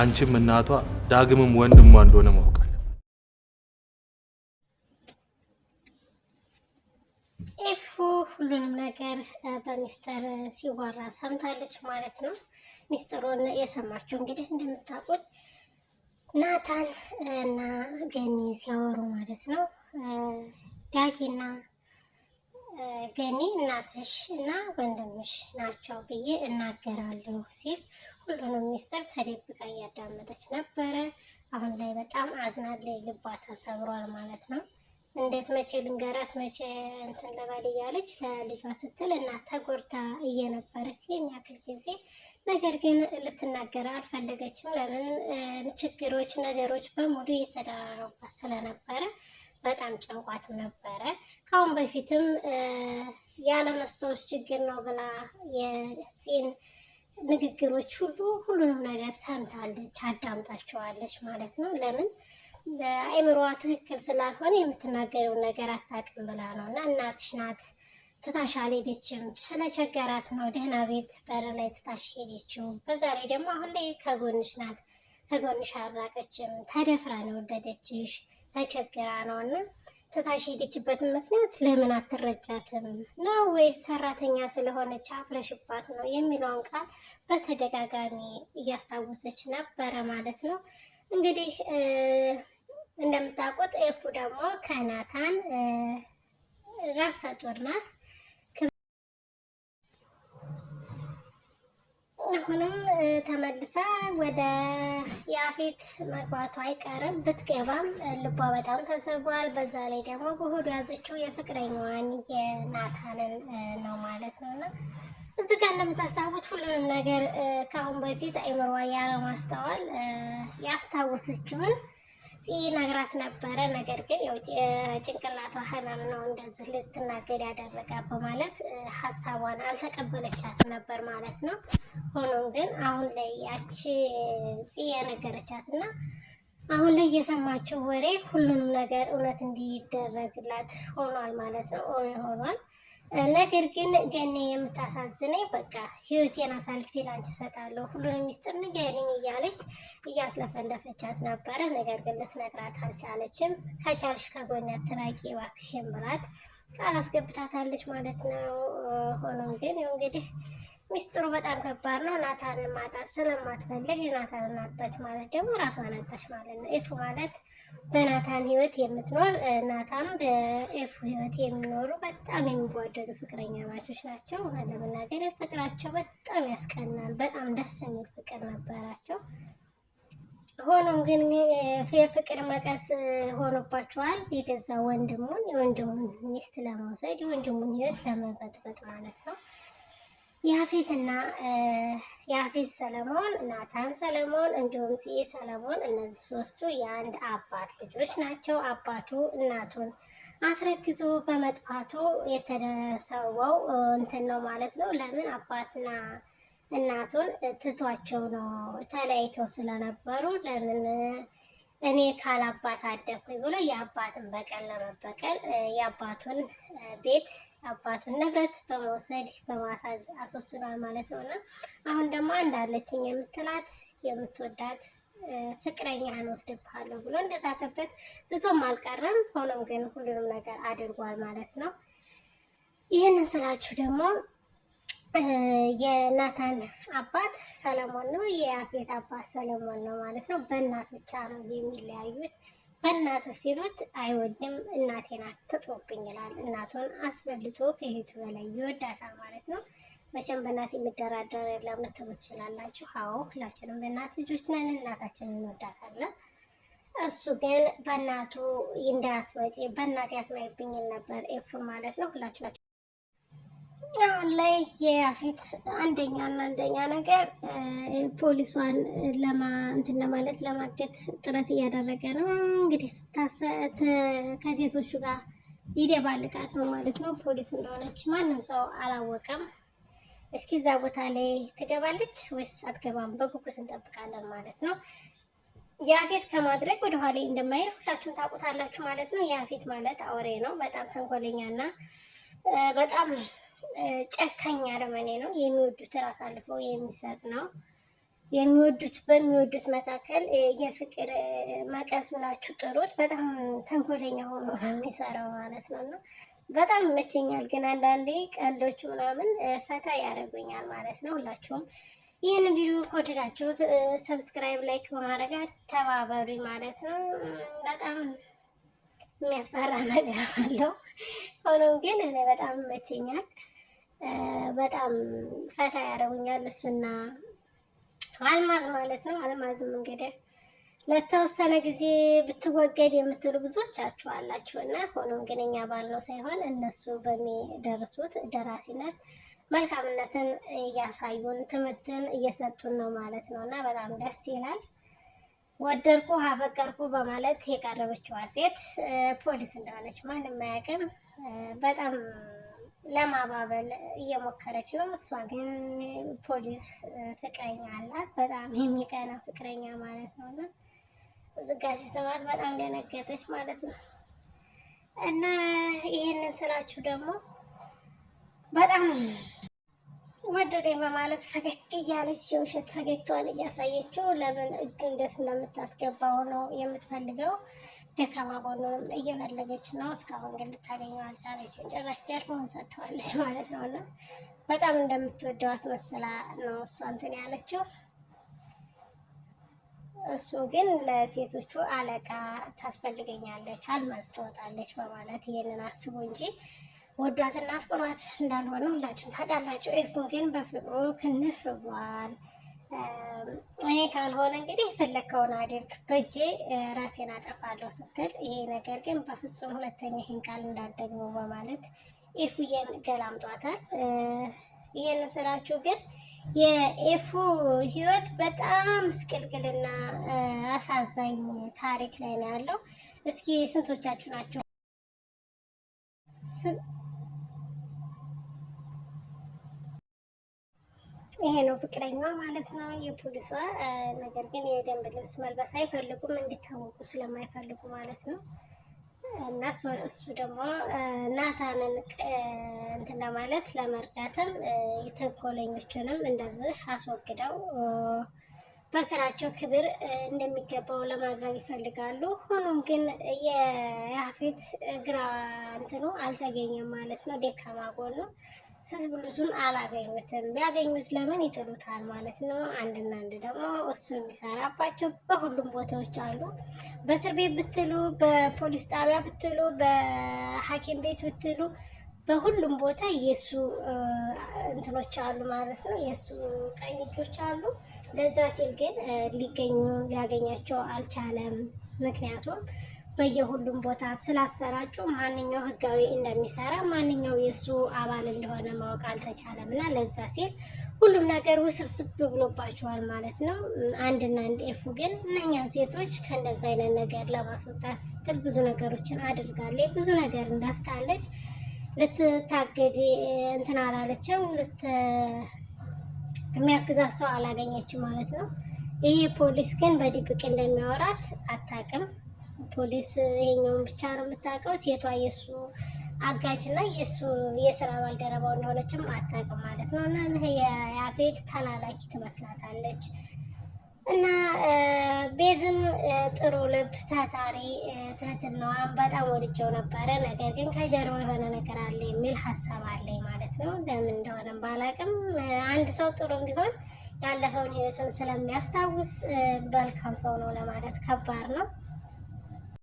አንቺም እናቷ ዳግምም ወንድሟ እንደሆነ ማወቅ ኤፉ ሁሉንም ነገር በሚስጥር ሲወራ ሰምታለች ማለት ነው። ሚስጥሩን የሰማችው እንግዲህ እንደምታውቁት ናታን እና ገኒ ሲያወሩ ማለት ነው። ዳጊና ገኒ እናትሽ እና ወንድምሽ ናቸው ብዬ እናገራለሁ ሲል ሁሉንም ሚስጥር ተደብቃ እያዳመጠች ነበረ። አሁን ላይ በጣም አዝናለች፣ ልቧ ተሰብሯል ማለት ነው። እንዴት መቼ ልንገራት መቼ እንትን ልበል እያለች ለልጇ ስትል እና ተጎድታ እየነበረች የሚያክል ጊዜ ነገር ግን ልትናገር አልፈለገችም። ለምን ችግሮች፣ ነገሮች በሙሉ እየተደራረቡባት ስለነበረ በጣም ጨንቋትም ነበረ። ከአሁን በፊትም ያለመስታወስ ችግር ነው ብላ የፂን ንግግሮች ሁሉ ሁሉንም ነገር ሰምታለች፣ አዳምጣቸዋለች ማለት ነው። ለምን አእምሮዋ ትክክል ስላልሆነ የምትናገረውን ነገር አታውቅም ብላ ነው እና እናትሽ ናት ትታሽ አልሄደችም። ስለ ቸገራት ነው ደህና ቤት በር ላይ ትታሽ ሄደችው። በዛ ላይ ደግሞ አሁን ላይ ከጎንሽ ናት፣ ከጎንሽ አራቀችም ተደፍራ ነው ወደደችሽ፣ ተቸግራ ነው እና ትታሽ ሄደችበትን ምክንያት ለምን አትረጃትም ነው ወይስ ሰራተኛ ስለሆነች አፍረሽባት ነው የሚለውን ቃል በተደጋጋሚ እያስታወሰች ነበረ ማለት ነው። እንግዲህ እንደምታውቁት ኤፉ ደግሞ ከናታን ነፍሰ ጡር ናት። አሁንም ተመልሳ ወደ የአፌት መግባቱ አይቀርም። ብትገባም ልቧ በጣም ተሰብሯል። በዛ ላይ ደግሞ በሆዱ ያዘችው የፍቅረኛዋን የናታንን ነው ማለት ነው እና እዚህ ጋር እንደምታስታውት ሁሉንም ነገር ከአሁን በፊት አይምሯ ያለማስተዋል ያስታወሰችውን ሲነግራት ነበረ። ነገር ግን ጭንቅላቷ ህመም ነው እንደዚህ ልትናገድ ያደረጋ በማለት ሀሳቧን አልተቀበለቻት ነበር ማለት ነው። ሆኖም ግን አሁን ላይ ያቺ ጽ የነገረቻት እና አሁን ላይ የሰማችው ወሬ ሁሉንም ነገር እውነት እንዲደረግላት ሆኗል ማለት ነው ሆኗል። ነገር ግን ገኔ የምታሳዝነኝ በቃ ህይወቴን አሳልፌ ላንቺ እሰጣለሁ ሁሉን ሚስጥር ንገሪኝ እያለች እያስለፈለፈቻት ነበረ። ነገር ግን ልትነግራት አልቻለችም። ከቻልሽ ከጎኛ ትራቂ እባክሽን ብላት ቃል አስገብታታለች ማለት ነው። ሆኖም ግን ይኸው እንግዲህ ሚስጥሩ በጣም ከባድ ነው። ናታንን ማጣት ስለማትፈልግ ናታንን እናጣች ማለት ደግሞ ራሷን አጣች ማለት ነው። ኤፉ ማለት በናታን ህይወት የምትኖር ናታን በኤፉ ህይወት የሚኖሩ በጣም የሚዋደዱ ፍቅረኛ ማቾች ናቸው። ለመናገር ፍቅራቸው በጣም ያስቀናል። በጣም ደስ የሚል ፍቅር ነበራቸው። ሆኖም ግን የፍቅር መቀስ ሆኖባቸዋል። የገዛ ወንድሙን የወንድሙን ሚስት ለመውሰድ የወንድሙን ህይወት ለመበጥበጥ ማለት ነው። ያፌትና ያፌት ሰለሞን፣ ናታን ሰለሞን እንዲሁም ሲ ሰለሞን እነዚህ ሶስቱ የአንድ አባት ልጆች ናቸው። አባቱ እናቱን አስረግዞ በመጥፋቱ የተሰወው እንትን ነው ማለት ነው። ለምን አባትና እናቱን ትቷቸው ነው ተለያይተው ስለነበሩ ለምን እኔ ካል አባት አደግኩኝ ብሎ የአባትን በቀል ለመበቀል የአባቱን ቤት አባቱን ንብረት በመውሰድ በማሳዝ አስወስኗል ማለት ነው። እና አሁን ደግሞ አንዳለችኝ የምትላት የምትወዳት ፍቅረኛ ወስድብሃለሁ ብሎ እንደዛተበት ዝቶም አልቀረም። ሆኖም ግን ሁሉንም ነገር አድርጓል ማለት ነው። ይህንን ስላችሁ ደግሞ የናታን አባት ሰለሞን ነው፣ የአፌት አባት ሰለሞን ነው ማለት ነው። በእናት ብቻ ነው የሚለያዩት። በእናት ሲሉት አይወድም። እናቴን አትጥሩብኝ ይላል። እናቱን አስበልቶ ከሄቱ በላይ ይወዳታል ማለት ነው። መቼም በእናት የሚደራደር የለም ልትሉ ትችላላችሁ። አዎ ሁላችንም በእናት ልጆች ነን፣ እናታችንን እንወዳታለን። እሱ ግን በእናቱ እንዳትመጪ በእናት ያትማይብኝን ነበር ኤፉን ማለት ነው ሁላችሁ አሁን ላይ የያፌት አንደኛና አንደኛ ነገር ፖሊሷን ለማንትን ለማለት ለማገት ጥረት እያደረገ ነው። እንግዲህ ከሴቶቹ ጋር ይደባልቃት ነው ማለት ነው። ፖሊስ እንደሆነች ማንም ሰው አላወቀም። እስኪ እዛ ቦታ ላይ ትገባለች ወይስ አትገባም? በጉጉት እንጠብቃለን ማለት ነው። ያፌት ከማድረግ ወደኋላ ኋላ እንደማይል ሁላችሁም ታውቁታላችሁ ማለት ነው። ያፌት ማለት አውሬ ነው። በጣም ተንኮለኛ ተንኮለኛና በጣም ጨካኝ አረመኔ ነው። የሚወዱት ራስ አልፎ የሚሰጥ ነው። የሚወዱት በሚወዱት መካከል የፍቅር መቀስ ብላችሁ ጥሩት። በጣም ተንኮለኛ ሆኖ የሚሰራው ማለት ነው እና በጣም ይመቸኛል። ግን አንዳንዴ ቀልዶቹ ምናምን ፈታ ያደርጉኛል ማለት ነው። ሁላችሁም ይህን ቪዲዮ ከወደዳችሁት ሰብስክራይብ፣ ላይክ በማድረግ ተባበሩኝ ማለት ነው። በጣም የሚያስፈራ ነገር አለው። ሆኖም ግን እኔ በጣም ይመቸኛል። በጣም ፈታ ያደርጉኛል። እሱና አልማዝ ማለት ነው። አልማዝም እንግዲህ ለተወሰነ ጊዜ ብትወገድ የምትሉ ብዙዎቻችሁ አላችሁ እና ሆኖም ግን እኛ ባልነው ሳይሆን እነሱ በሚደርሱት ደራሲነት መልካምነትን እያሳዩን ትምህርትን እየሰጡን ነው ማለት ነው እና በጣም ደስ ይላል። ወደድኩ አፈቀርኩ በማለት የቀረበችዋ ሴት ፖሊስ እንደሆነች ማንም አያውቅም። በጣም ለማባበል እየሞከረች ነው። እሷ ግን ፖሊስ ፍቅረኛ አላት። በጣም የሚቀና ፍቅረኛ ማለት ነው። እና ዝጋ ሲሰማት በጣም ደነገጠች ማለት ነው። እና ይህንን ስላችሁ ደግሞ በጣም ወደደኝ በማለት ፈገግ እያለች የውሸት ፈገግታዋን እያሳየችው ለምን እጁ እንዴት እንደምታስገባው ነው የምትፈልገው። ደካማ ጎኑንም እየፈለገች ነው። እስካሁን ግን ልታገኘው አልቻለችም። ጭራሽ ጀርባውን ሰጥተዋለች ማለት ነው። እና በጣም እንደምትወደው አስመስላ ነው እሷ እንትን ያለችው። እሱ ግን ለሴቶቹ አለቃ ታስፈልገኛለች፣ አልማዝ ትወጣለች በማለት ይህንን አስቡ እንጂ ወዷትና ፍቅሯት እንዳልሆነ ሁላችሁም ታውቃላችሁ። ኤፉን ግን በፍቅሩ ክንፍ ብሏል። እኔ ካልሆነ እንግዲህ የፈለግከውን አድርግ በእጄ ራሴን አጠፋለሁ ስትል፣ ይሄ ነገር ግን በፍጹም ሁለተኛ ይህን ቃል እንዳትደግመው በማለት ኤፉዬን ገላምጧታል። ይህን ስራችሁ ግን የኤፉ ህይወት በጣም ምስቅልቅልና አሳዛኝ ታሪክ ላይ ነው ያለው። እስኪ ስንቶቻችሁ ናቸው? ይሄ ነው ፍቅረኛ ማለት ነው የፖሊሷ ነገር ግን የደንብ ልብስ መልበስ አይፈልጉም እንዲታወቁ ስለማይፈልጉ ማለት ነው። እና እሱ ደግሞ ናታንን እንትን ለማለት ለመርዳትም የተንኮለኞቹንም እንደዚህ አስወግደው በስራቸው ክብር እንደሚገባው ለማድረግ ይፈልጋሉ። ሆኖም ግን የያፌት ግራ እንትኑ አልተገኘም ማለት ነው፣ ደካማ ጎኑ ስስ ብሉቱን አላገኙትም። ቢያገኙት ለምን ይጥሉታል ማለት ነው። አንድና አንድ ደግሞ እሱ የሚሰራባቸው በሁሉም ቦታዎች አሉ። በእስር ቤት ብትሉ፣ በፖሊስ ጣቢያ ብትሉ፣ በሐኪም ቤት ብትሉ፣ በሁሉም ቦታ የእሱ እንትኖች አሉ ማለት ነው። የእሱ ቀኝ እጆች አሉ። ለዛ ሲል ግን ሊገኙ ሊያገኛቸው አልቻለም። ምክንያቱም በየሁሉም ቦታ ስላሰራጩ ማንኛው ህጋዊ እንደሚሰራ ማንኛው የእሱ አባል እንደሆነ ማወቅ አልተቻለም እና ለዛ ሲል ሁሉም ነገር ውስብስብ ብሎባቸዋል ማለት ነው። አንድና አንድ ኤፉ ግን እነኛ ሴቶች ከእንደዛ አይነት ነገር ለማስወጣት ስትል ብዙ ነገሮችን አድርጋለች፣ ብዙ ነገር እንዳፍታለች። ልትታገድ እንትን አላለችም፣ የሚያግዛት ሰው አላገኘችም ማለት ነው። ይሄ ፖሊስ ግን በድብቅ እንደሚያወራት አታውቅም። ፖሊስ ይሄኛውን ብቻ ነው የምታውቀው። ሴቷ የእሱ አጋዥና የእሱ የስራ ባልደረባው እንደሆነችም አታውቅም ማለት ነው። እና የአፌት ተላላኪ ትመስላታለች። እና ቤዝም ጥሩ ልብ፣ ታታሪ፣ ትህትናዋን በጣም ወድጀው ነበረ። ነገር ግን ከጀርባ የሆነ ነገር አለ የሚል ሀሳብ አለኝ ማለት ነው። ለምን እንደሆነም ባላውቅም አንድ ሰው ጥሩ እንዲሆን ያለፈውን ሕይወቱን ስለሚያስታውስ መልካም ሰው ነው ለማለት ከባድ ነው።